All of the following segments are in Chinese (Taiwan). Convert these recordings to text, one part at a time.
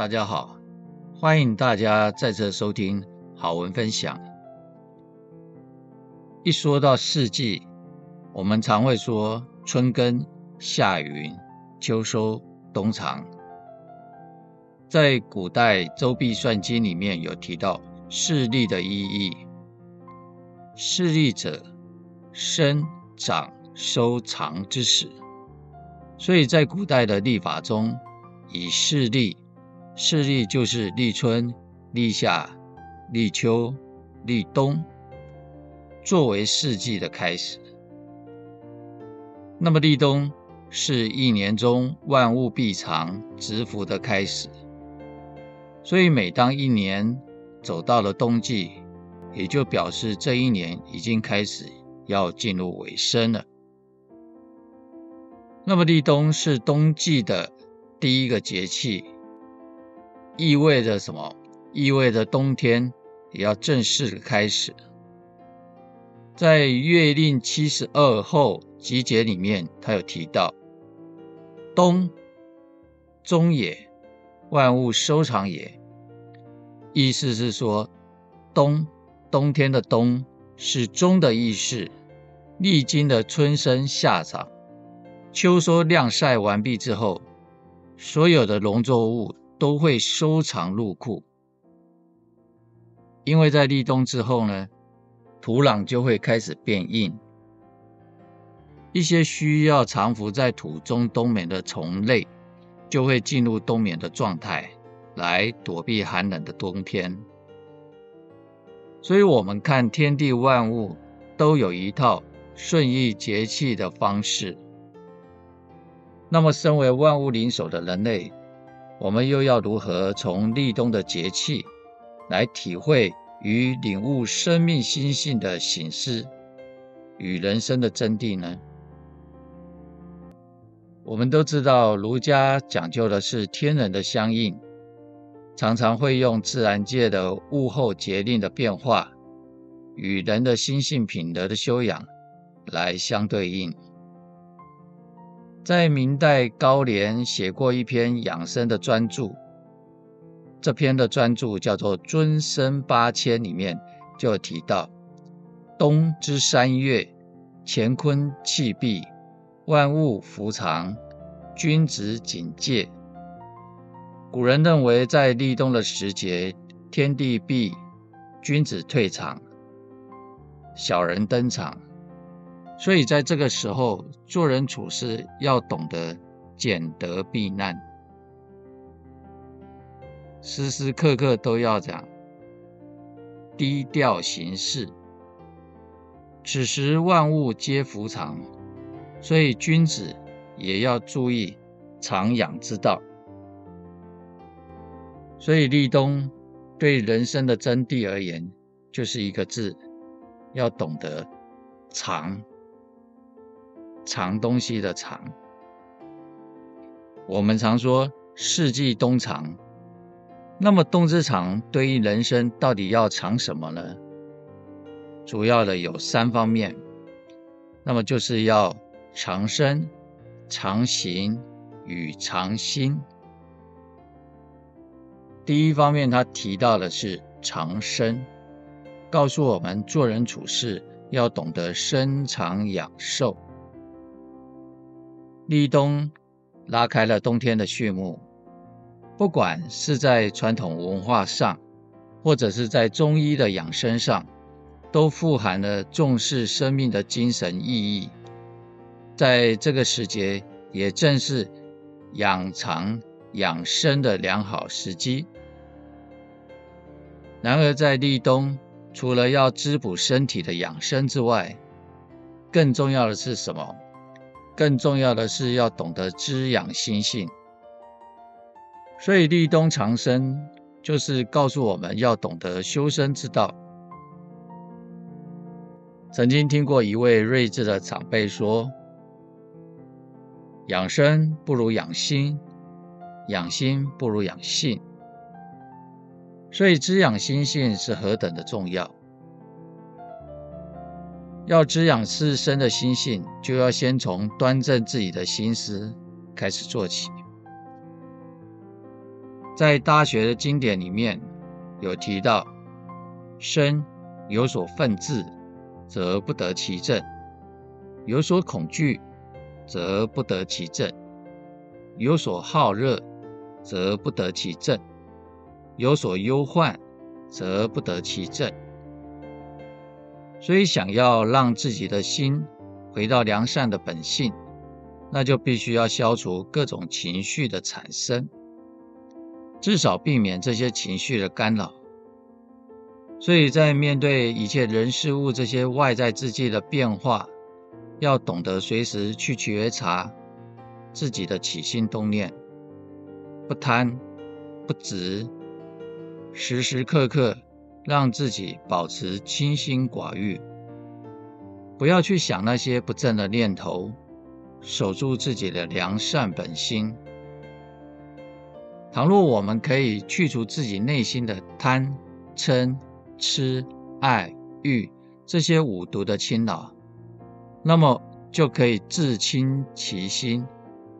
大家好，歡迎大家在這收聽好文分享。一說到四季，我們常會說春耕、夏耘、秋收、冬藏。在古代《周髀算經》裡面有提到「四立」的意義。四立者，生長收藏之始。所以在古代的曆法中，以四立。四立就是立春、立夏、立秋、立冬，作為四季的開始。那麼立冬是一年中萬物閉藏、蟄伏的開始，所以每當一年走到了冬季，也就表示這一年已經開始要進入尾聲了。那麼立冬是冬季的第一個節氣。意味着什麼？意味着冬天也要正式開始。在《月令七十二候集解》裡面，他有提到：“冬，終也，萬物收藏也。”意思是說，冬，冬天的冬，是終的意思。歷經的春生、夏長、秋收、晾曬完畢之後，所有的農作物。都會收藏入庫，因為在立冬之後呢，土壤就會開始變硬，一些需要藏伏在土中冬眠的蟲類就會進入冬眠的狀態，來躲避寒冷的冬天。所以，我們看天地萬物都有一套順應節氣的方式。那麼，身為萬物靈首的人類。我們又要如何從立冬的節氣，來體會與領悟生命心性的省思與人生的真諦呢？我們都知道，儒家講究的是天人的相應，常常會用自然界的物候節令的變化與人的心性品德的修養來相對應。在明代，高濂寫過一篇養生的專著，這篇的專著叫做《遵生八千》，裡面就提到：冬之三月，乾坤氣閉，萬物伏藏，君子警戒。古人認為，在立冬的時節，天地閉，君子退場，小人登場。所以在這個時候，做人處事要懂得儉德避難，時時刻刻都要講低調行事。此時萬物皆伏藏，所以君子也要注意藏養之道。所以立冬對人生的真諦而言，就是一個字：要懂得藏藏東西的藏，我們常說“四季冬藏”。那麼冬之藏對於人生到底要藏什麼呢？主要的有三方面，那麼就是要藏身、藏形與藏心。第一方面，他提到的是藏身，告訴我們做人處事要懂得深藏養壽。立冬拉開了冬天的序幕，不管是在傳統文化上，或者是在中醫的養生上，都富含了重視生命的精神意義。在這個時節，也正是養藏養生的良好時機。然而在，在立冬除了要滋補身體的養生之外，更重要的是什麼？更重要的是要懂得滋養心性，所以立冬長生就是告訴我們要懂得修身之道。曾經聽過一位睿智的長輩說：“養生不如養心，養心不如養性。”所以滋養心性是何等的重要。要滋養自身的心性，就要先從端正自己的心思開始做起。在大學的經典裡面有提到：身有所忿懥，則不得其正；有所恐懼，則不得其正；有所好樂，則不得其正；有所憂患，則不得其正。所以，想要讓自己的心回到良善的本性，那就必須要消除各種情緒的產生，至少避免這些情緒的干擾。所以在面對一切人事物這些外在自己的變化，要懂得隨時去覺察自己的起心動念，不貪不執，時時刻刻。讓自己保持清心寡欲，不要去想那些不正的念頭，守住自己的良善本心。倘若我們可以去除自己內心的貪、嗔、痴、愛、欲這些五毒的侵擾，那麼就可以自清其心，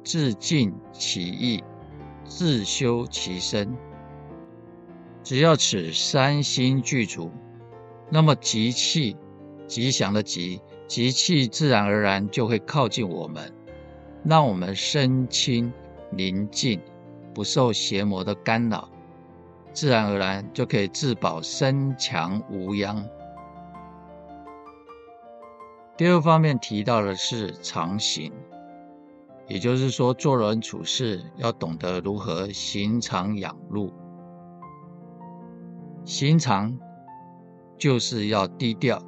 自淨其意，自修其身。只要此三心具足，那麼吉氣、吉祥的吉，吉氣自然而然就會靠近我們，讓我們身清寧靜，不受邪魔的干擾，自然而然就可以自保身強無恙。第二方面提到的是常行，也就是說做人處事要懂得如何行常養路。行常就是要低調，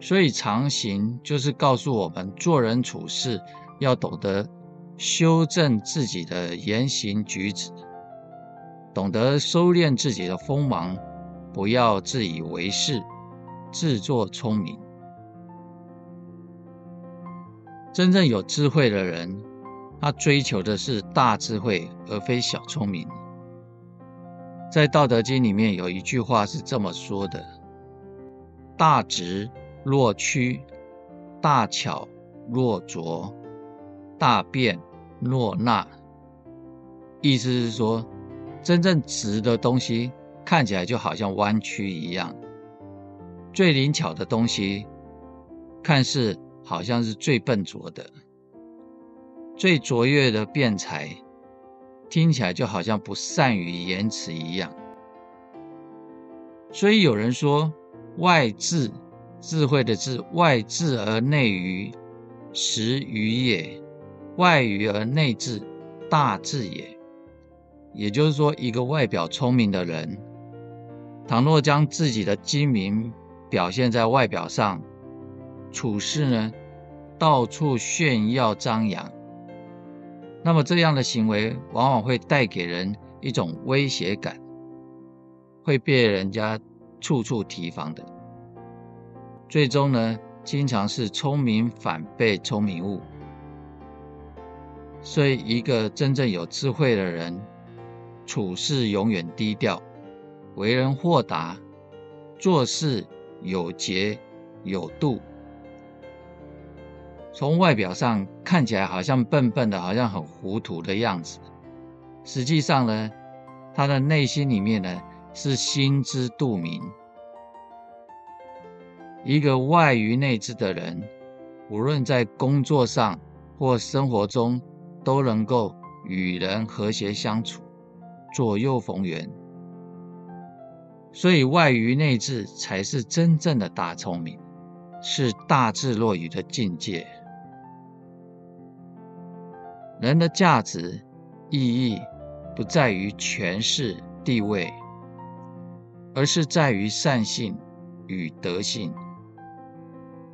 所以常行就是告訴我們做人處事要懂得修正自己的言行舉止，懂得收斂自己的鋒芒，不要自以為是、自作聰明。真正有智慧的人，他追求的是大智慧，而非小聰明。在《道德經》裡面有一句話是這麼說的：“大直若屈，大巧若拙，大辯若訥。”意思是說，真正直的東西看起來就好像彎曲一樣；最靈巧的東西，看似好像是最笨拙的；最卓越的辯才。聽起來就好像不善於言辭一樣，所以有人說“外智，智慧的智，外智而內愚，實愚也；外愚而內智，大智也。”也就是說，一個外表聰明的人，倘若將自己的精明表現在外表上，處事呢，到處炫耀張揚。那麼這樣的行為往往會帶給人一種威脅感，會被人家處處提防的。最終呢，經常是聰明反被聰明誤。所以，一個真正有智慧的人，處事永遠低調，為人豁達，做事有節有度。從外表上看起來好像笨笨的，好像很糊塗的樣子。實際上呢，他的內心裡面呢是心知肚明。一個外愚內智的人，無論在工作上或生活中，都能夠與人和諧相處，左右逢源。所以，外愚內智才是真正的大聰明，是大智若愚的境界。人的價值意義不在於權勢地位，而是在於善性與德性。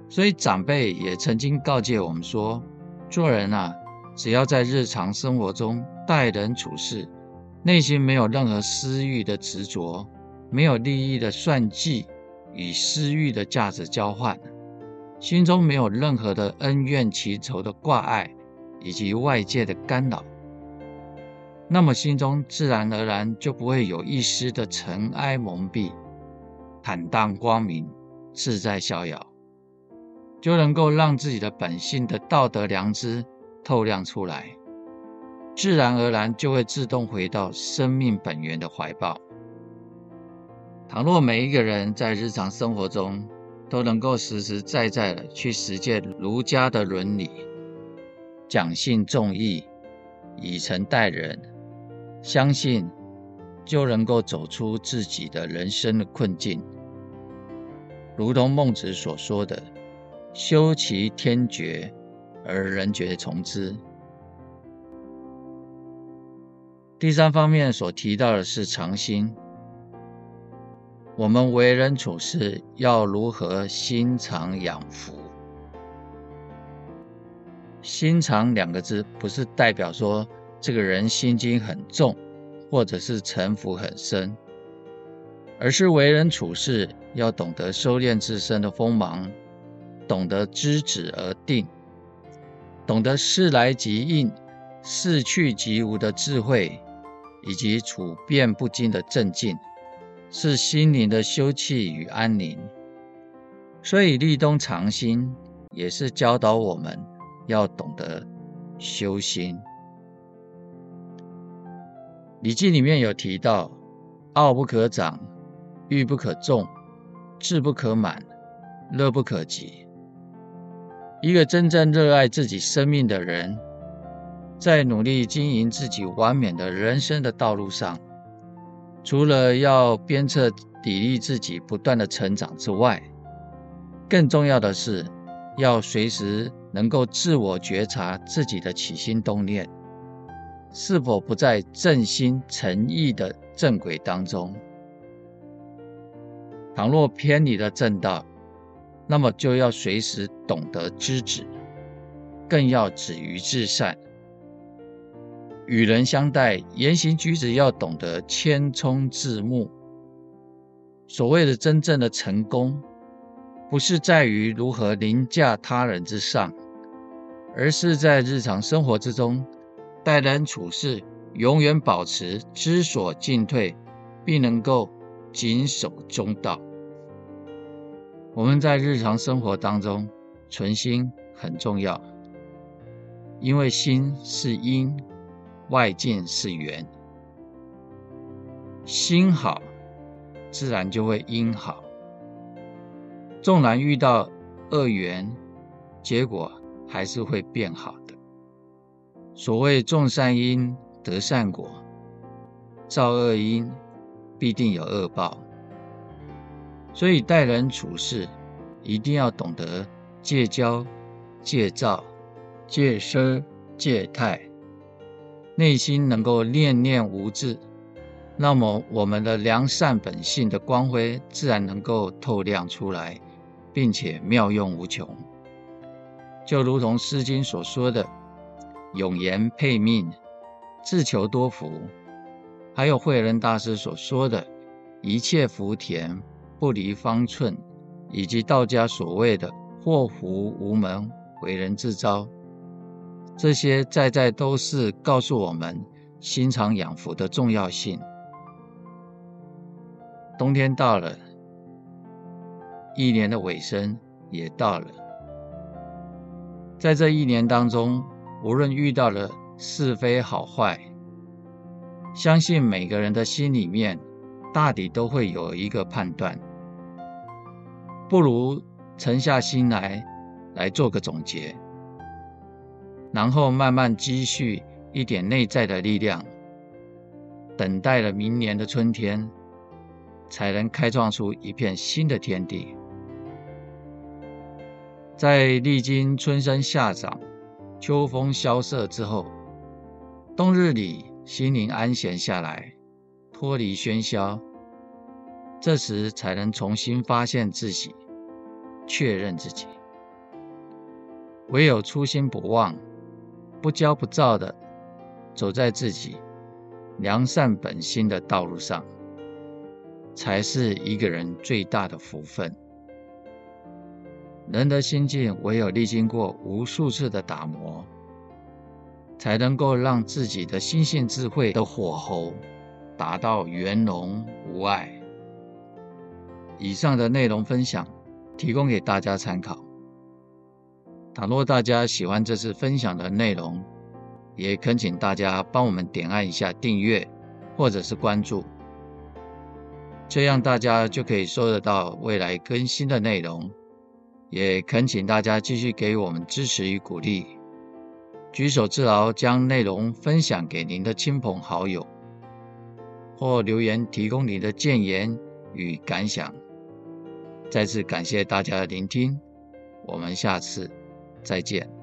所以，長輩也曾經告誡我們說：做人啊，只要在日常生活中待人處事，內心沒有任何私欲的執着，沒有利益的算計與私欲的價值交換，心中沒有任何的恩怨情仇的掛礙。以及外界的干擾，那麼心中自然而然就不會有一絲的塵埃蒙蔽，坦蕩光明，自在逍遙，就能夠讓自己的本性的道德良知透亮出來，自然而然就會自動回到生命本源的懷抱。倘若每一個人在日常生活中都能夠實實在在的去實踐儒家的倫理。講信重義，以誠待人，相信就能夠走出自己的人生的困境。如同孟子所說的：“修其天爵，而人爵從之。”第三方面所提到的是常心。我們為人處事要如何心常養福？心藏兩個字，不是代表說這個人心機很重，或者是城府很深，而是為人處事要懂得收斂自身的鋒芒，懂得知止而定，懂得事來即應，事去即無的智慧，以及處變不驚的鎮靜，是心靈的休憩與安寧。所以立冬藏心，也是教導我們。要懂得修心，《禮記》裡面有提到：傲不可長，欲不可縱，志不可滿，樂不可極。一個真正熱愛自己生命的人，在努力經營自己完美的人生的道路上，除了要鞭策砥礪自己不斷的成長之外，更重要的是。要隨時能夠自我覺察自己的起心動念是否不在正心誠意的正軌當中。倘若偏離了正道，那麼就要隨時懂得知止，更要止於至善。與人相待，言行舉止要懂得謙沖自牧。所謂的真正的成功。不是在於如何凌駕他人之上，而是在日常生活之中，待人處事，永遠保持知所進退，並能夠謹守中道。我們在日常生活當中，存心很重要，因為心是因，外境是緣，心好，自然就會因好。縱然遇到惡緣，結果還是會變好的。所謂種善因得善果，造惡因必定有惡報。所以待人處事一定要懂得戒驕、戒躁、戒奢、戒態，內心能夠念念無自，那麼我們的良善本性的光輝自然能夠透亮出來。並且妙用無窮，就如同《詩經》所說的“永言配命，自求多福”，還有慧仁大師所說的“一切福田不離方寸”，以及道家所謂的“禍福無門，為人自招”。這些在在都是告訴我們心腸養福的重要性。冬天到了。一年的尾聲也到了，在這一年當中，無論遇到了是非好壞，相信每個人的心裡面，大抵都會有一個判斷。不如沉下心來，來做個總結，然後慢慢積蓄一點內在的力量，等待了明年的春天，才能開創出一片新的天地。在歷經春生夏長、秋風蕭瑟之後，冬日裡心靈安閒下來，脫離喧囂，這時才能重新發現自己，確認自己。唯有初心不忘、不驕不躁的走在自己良善本心的道路上，才是一個人最大的福分。人的心境，唯有歷經過無數次的打磨，才能夠讓自己的心性智慧的火候達到圓融無礙。以上的內容分享，提供給大家參考。倘若大家喜歡這次分享的內容，也懇請大家幫我們點按一下訂閱或者是關注，這樣大家就可以收得到未來更新的內容。也懇請大家繼續給我們支持與鼓勵，舉手之勞，將內容分享給您的親朋好友，或留言提供您的建言與感想。再次感謝大家的聆聽，我們下次再見。